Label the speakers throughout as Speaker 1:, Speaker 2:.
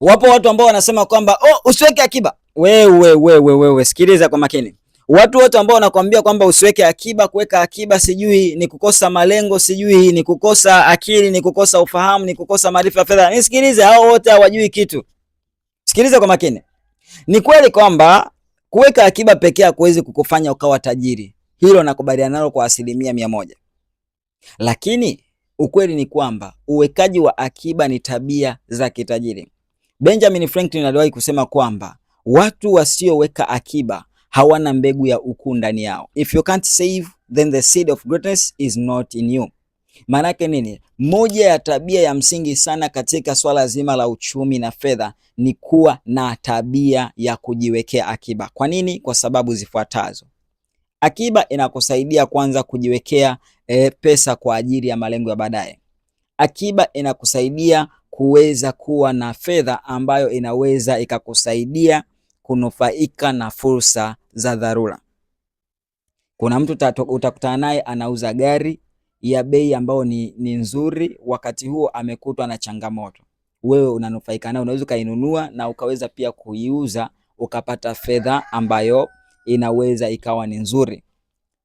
Speaker 1: Wapo watu ambao wanasema kwamba oh, usiweke akiba. Wewe wewe wewe, sikiliza kwa makini. Watu wote ambao wanakuambia kwamba usiweke akiba, kuweka akiba sijui ni kukosa malengo, sijui ni kukosa akili, ni kukosa ufahamu, ni kukosa maarifa ya fedha. Nisikilize, hao wote hawajui kitu. Sikiliza kwa makini. Ni kweli kwamba kuweka akiba pekee hakuwezi kukufanya ukawa tajiri. Hilo nakubaliana nalo kwa asilimia mia moja. Lakini ukweli ni kwamba uwekaji wa akiba ni tabia za kitajiri. Benjamin Franklin aliwahi kusema kwamba watu wasioweka akiba hawana mbegu ya ukuu ndani yao. If you can't save then the seed of greatness is not in you. Maanake nini? Moja ya tabia ya msingi sana katika swala zima la uchumi na fedha ni kuwa na tabia ya kujiwekea akiba. Kwa nini? Kwa sababu zifuatazo. Akiba inakusaidia kwanza kujiwekea e, pesa kwa ajili ya malengo ya baadaye. Akiba inakusaidia kuweza kuwa na fedha ambayo inaweza ikakusaidia kunufaika na fursa za dharura. Kuna mtu utakutana naye anauza gari ya bei ambayo ni, ni nzuri, wakati huo amekutwa na changamoto, wewe unanufaika nayo, unaweza ukainunua na ukaweza pia kuiuza ukapata fedha ambayo inaweza ikawa ni nzuri.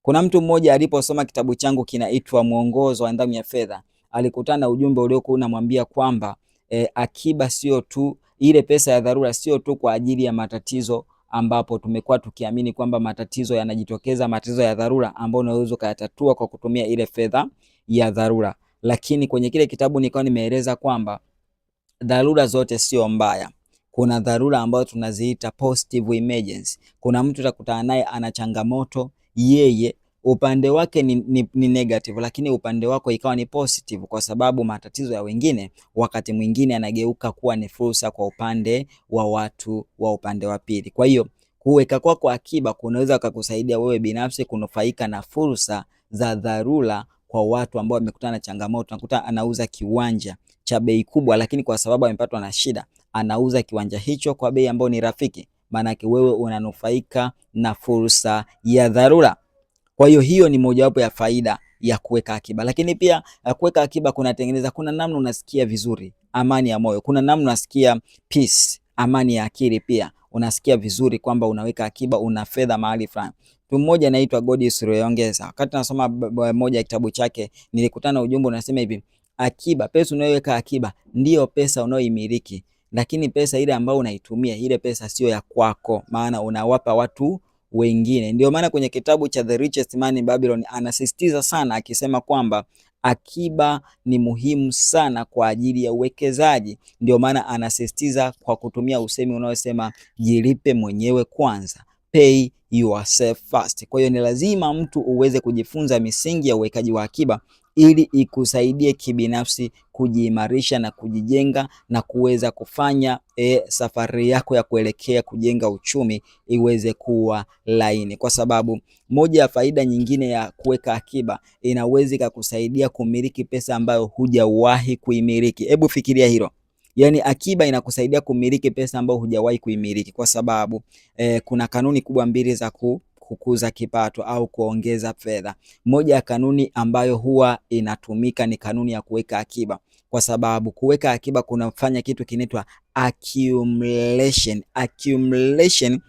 Speaker 1: Kuna mtu mmoja aliposoma kitabu changu kinaitwa Mwongozo wa Nidhamu ya Fedha, alikutana na ujumbe uliokuwa unamwambia kwamba e, akiba sio tu ile pesa ya dharura, sio tu kwa ajili ya matatizo ambapo tumekuwa tukiamini kwamba matatizo yanajitokeza, matatizo ya dharura ambayo unaweza ukayatatua kwa kutumia ile fedha ya dharura. Lakini kwenye kile kitabu nikawa nimeeleza kwamba dharura zote sio mbaya. Kuna dharura ambazo tunaziita positive emergency. Kuna mtu utakutana naye ana changamoto, yeye upande wake ni, ni, ni negative, lakini upande wako ikawa ni positive, kwa sababu matatizo ya wengine wakati mwingine yanageuka kuwa ni fursa kwa upande wa watu wa upande wa pili. Kwa hiyo kuweka kwako kwa akiba kunaweza kukusaidia wewe binafsi kunufaika na fursa za dharura kwa watu ambao wamekutana na changamoto. Nakuta anauza kiwanja cha bei kubwa, lakini kwa sababu amepatwa na shida, anauza kiwanja hicho kwa bei ambayo ni rafiki. Maanake wewe unanufaika na fursa ya dharura. Kwa hiyo hiyo ni mojawapo ya faida ya kuweka akiba, lakini pia eh, kuweka akiba kunatengeneza, kuna namna unasikia vizuri, amani ya moyo, kuna namna unasikia peace, amani ya akili, pia unasikia vizuri kwamba unaweka akiba, una fedha mahali fulani. Mtu mmoja anaitwa Godius Rweyongeza, wakati nasoma moja ya kitabu chake nilikutana ujumbe unasema hivi, akiba, pesa unayoweka akiba ndiyo pesa unayoimiliki, lakini pesa ile ambayo unaitumia ile pesa sio ya kwako, maana unawapa watu wengine. Ndio maana kwenye kitabu cha The Richest Man in Babylon anasisitiza sana akisema kwamba akiba ni muhimu sana kwa ajili ya uwekezaji. Ndio maana anasisitiza kwa kutumia usemi unaosema jilipe mwenyewe kwanza, pay yourself first. Kwa hiyo ni lazima mtu uweze kujifunza misingi ya uwekaji wa akiba ili ikusaidie kibinafsi kujiimarisha na kujijenga na kuweza kufanya e, safari yako ya kuelekea kujenga uchumi iweze kuwa laini, kwa sababu moja ya faida nyingine ya kuweka akiba inaweza ikakusaidia kumiliki pesa ambayo hujawahi kuimiliki. Hebu fikiria hilo. Yaani akiba inakusaidia kumiliki pesa ambayo hujawahi kuimiliki, kwa sababu eh, kuna kanuni kubwa mbili za ku kukuza kipato au kuongeza fedha. Moja ya kanuni ambayo huwa inatumika ni kanuni ya kuweka akiba, kwa sababu kuweka akiba kunafanya kitu kinaitwa accumulation. Accumulation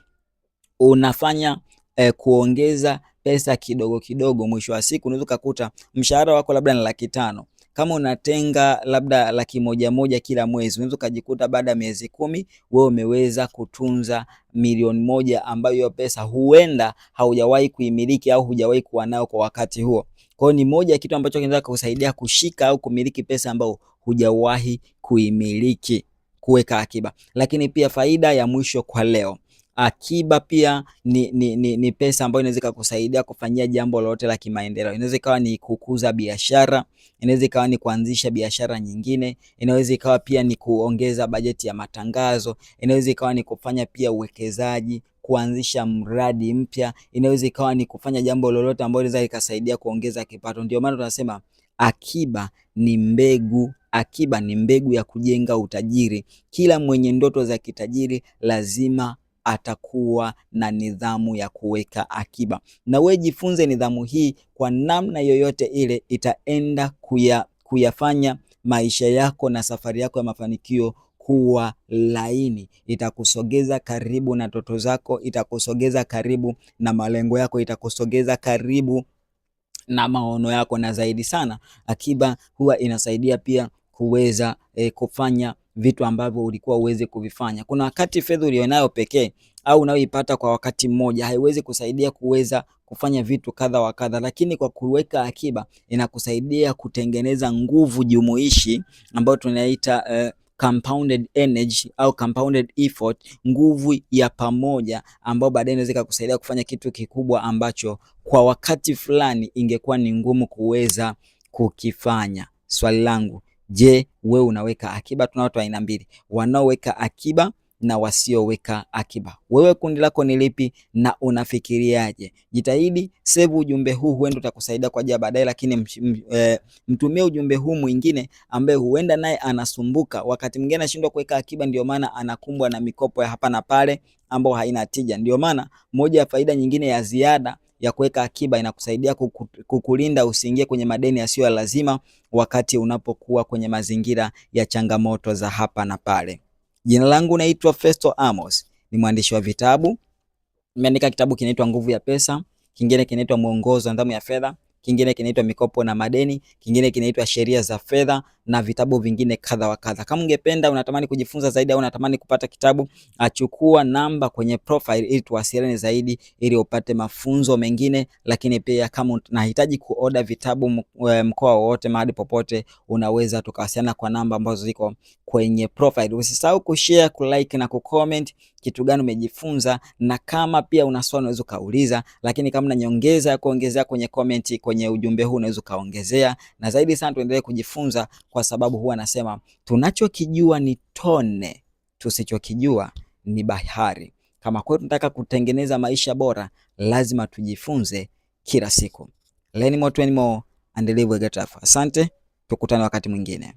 Speaker 1: unafanya eh, kuongeza pesa kidogo kidogo. Mwisho wa siku unaweza ukakuta mshahara wako labda ni laki tano kama unatenga labda laki moja moja kila mwezi, unaweza ukajikuta baada ya miezi kumi wewe umeweza kutunza milioni moja ambayo hiyo pesa huenda haujawahi kuimiliki au hujawahi kuwa nayo kwa wakati huo. Kwa hiyo ni moja ya kitu ambacho kinaweza kukusaidia kushika au kumiliki pesa ambayo hujawahi kuimiliki, kuweka akiba. Lakini pia faida ya mwisho kwa leo Akiba pia ni, ni, ni, ni pesa ambayo inaweza ikakusaidia kufanyia jambo lolote la kimaendeleo. Inaweza ikawa ni kukuza biashara, inaweza ikawa ni kuanzisha biashara nyingine, inaweza ikawa pia ni kuongeza bajeti ya matangazo, inaweza ikawa ni kufanya pia uwekezaji kuanzisha mradi mpya, inaweza ikawa ni kufanya jambo lolote ambalo linaweza ikasaidia kuongeza kipato. Ndio maana tunasema akiba ni mbegu, akiba ni mbegu ya kujenga utajiri. Kila mwenye ndoto za kitajiri lazima atakuwa na nidhamu ya kuweka akiba, na wewe jifunze nidhamu hii. Kwa namna yoyote ile itaenda kuya, kuyafanya maisha yako na safari yako ya mafanikio kuwa laini, itakusogeza karibu na ndoto zako, itakusogeza karibu na malengo yako, itakusogeza karibu na maono yako, na zaidi sana akiba huwa inasaidia pia kuweza eh, kufanya vitu ambavyo ulikuwa uweze kuvifanya. Kuna wakati fedha ulionayo pekee au unayoipata kwa wakati mmoja haiwezi kusaidia kuweza kufanya vitu kadha wa kadha, lakini kwa kuweka akiba inakusaidia kutengeneza nguvu jumuishi ambayo tunaita uh, compounded energy au compounded effort, nguvu ya pamoja ambayo baadaye inaweza ikakusaidia kufanya kitu kikubwa ambacho kwa wakati fulani ingekuwa ni ngumu kuweza kukifanya. Swali langu, Je, we unaweka akiba? Tuna watu aina mbili, wanaoweka akiba na wasioweka akiba. Wewe kundi lako ni lipi na unafikiriaje? Jitahidi save ujumbe huu, huenda utakusaidia kwa ajili baadaye, lakini e, mtumie ujumbe huu mwingine ambaye huenda naye anasumbuka, wakati mwingine anashindwa kuweka akiba, ndio maana anakumbwa na mikopo ya hapa na pale ambao haina tija. Ndio maana moja ya faida nyingine ya ziada ya kuweka akiba inakusaidia kukulinda usiingie kwenye madeni yasiyo ya lazima wakati unapokuwa kwenye mazingira ya changamoto za hapa na pale. Jina langu naitwa Festo Amos, ni mwandishi wa vitabu. Nimeandika kitabu kinaitwa Nguvu ya Pesa, kingine kinaitwa Mwongozo wa Nidhamu ya Fedha, kingine kinaitwa Mikopo na Madeni, kingine kinaitwa Sheria za Fedha na vitabu vingine kadha wa kadha. Kama ungependa unatamani kujifunza zaidi au unatamani kupata kitabu, achukua ah, namba kwenye profile ili tuwasiliane zaidi ili upate mafunzo mengine, lakini pia kama unahitaji kuoda vitabu eh, mkoa wowote mahali popote, unaweza tukawasiliana kwa namba ambazo ziko kwenye profile. Usisahau kushare, kulike na kucomment kitu gani umejifunza, na kama pia una swali unaweza ukauliza, lakini kama una nyongeza ya kuongezea kwenye comment kwenye ujumbe huu unaweza ukaongezea, na zaidi sana tuendelee kujifunza kwa sababu huwa anasema tunachokijua ni tone, tusichokijua ni bahari. Kama kweli tunataka kutengeneza maisha bora, lazima tujifunze kila siku. Learn more, do more and live a life. Asante, tukutane wakati mwingine.